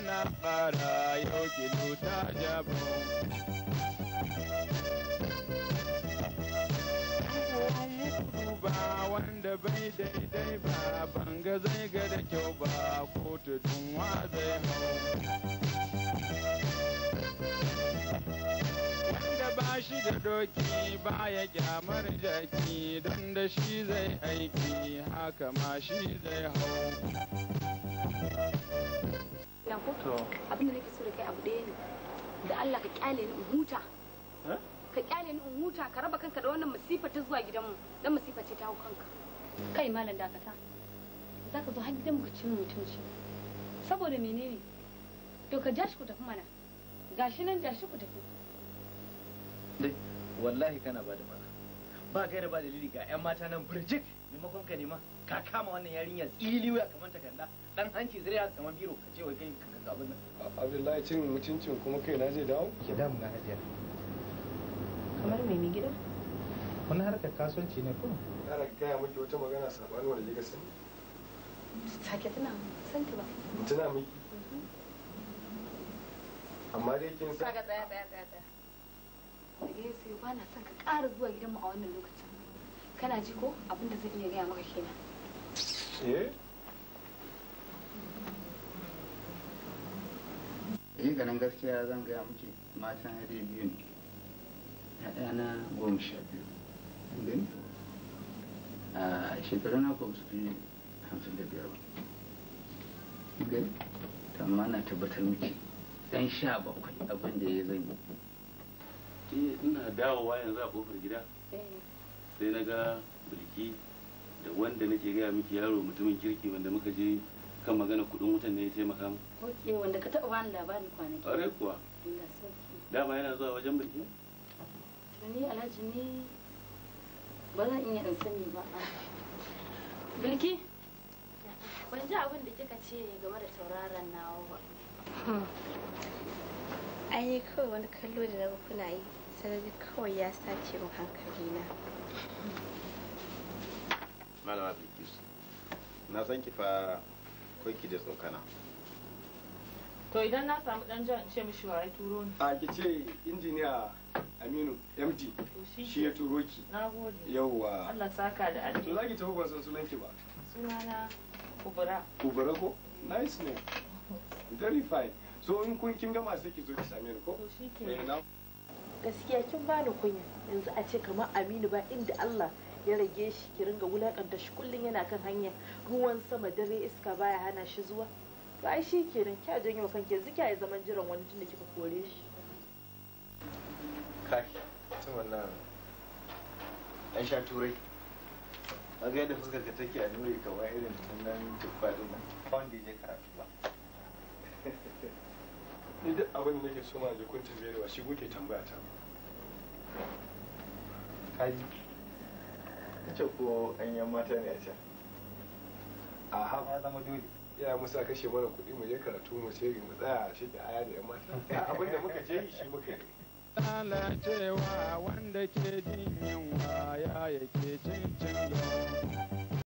na fara yau kilo ta jabo. ba wanda bai daidai ba banga zai ga da kyau ba ko tudun wa zai hau. Wanda ba shi da doki ba ya kyamar jaki don da shi zai aiki haka ma shi zai hau. Yanko, abin da nake so da kai abu ɗaya ne. Da Allah ka kyale ni in huta. Eh? Ka kyale ni in huta, ka raba kanka da wannan masifa ta zuwa gidanmu. Dan masifa ce ta hau kanka. Kai malam dakata. Za ka zo har gidanmu ka ci mutunci. Saboda menene? To ka ja shi ku tafi mana. Gashi nan ja shi ku tafi. Dai, wallahi kana ba da mana. Ba gaira ba dalili ga 'yan mata nan birjik. maimakon ka nema ka kama wannan yarinyar ililiwa kamar ta takarda dan hanci zuriya kamar biro ka ce wai kai ka abin nan abdullahi cin mutuncin kuma kai na zai dawo ki damu na hajiya kamar me mai gida wani harkar kasuwanci ne ko yara gaya miki wata magana sabani wanda kika sani sake tuna san ta ba tuna miki amma dai kin sa kaga tsaya tsaya tsaya tsaya da gaisu na son ka ƙara zuwa gidanmu a wannan lokacin kana ji ko abin da zan iya gaya maka kenan eh yi ganin gaskiya zan gaya miki matan hade biyu ne na goma sha biyu a shekaru na ko su fi hamsin da biyar ba gani amma na tabbatar miki dan sha bakwai abin da ya zan yi ina dawowa yanzu a kofar gida eh. sai na ga bilki da wanda nake gaya miki yaro mutumin kirki wanda muka je kan magana kudin wutan ne ya taimaka mu. Ok, wanda ka taɓa bani labari kwanaki. Ƙwarai kuwa. Dama yana zuwa wajen bilki? Tuni alhaji ni ba zan iya in sani ba. Bilki? Ban ji abin da kika ce game da tauraron nawa ba. Hmm. Ai kawai wani kallo da na kuna yi. sai kawai ya sace min hankali na malama bilkis na san ki fa ki da tsokana to idan na samu dan jan ce mishi wa turo ni a ki ce injiniya aminu md shi ya turo ki nagode yawwa allah saka da alheri to zaki tafi ban san sunan ki ba sunana kubura kubura ko nice ne very fine so in kun kin gama sai ki zo ki same ni ko to shikenan eh, gaskiya kin bani kunya yanzu a ce kamar aminu ba inda allah ya rage shi ki ringa wulakanta shi kullum yana kan hanya ruwan sama dare iska baya hana shi zuwa to ai shi kenan kya janyo kanki yanzu kya yi zaman jiran wani tunda kika kore shi kai to wannan an sha turai a ga yadda fuskar ka take a nuri kamar irin nan tuffa din nan wanda ya je karatu ba ni duk abin da nake so ma da kuntin zai ba shi kuke tambaya ta ai ce ko an yan mata ne a can a ha ba zama dole ya musa kashe mana kuɗi mu je karatu mu ce mu tsaya shi da aya da yan mata abin da muka je shi muka yi lalacewa wanda ke jin yunwa ya yake cin cin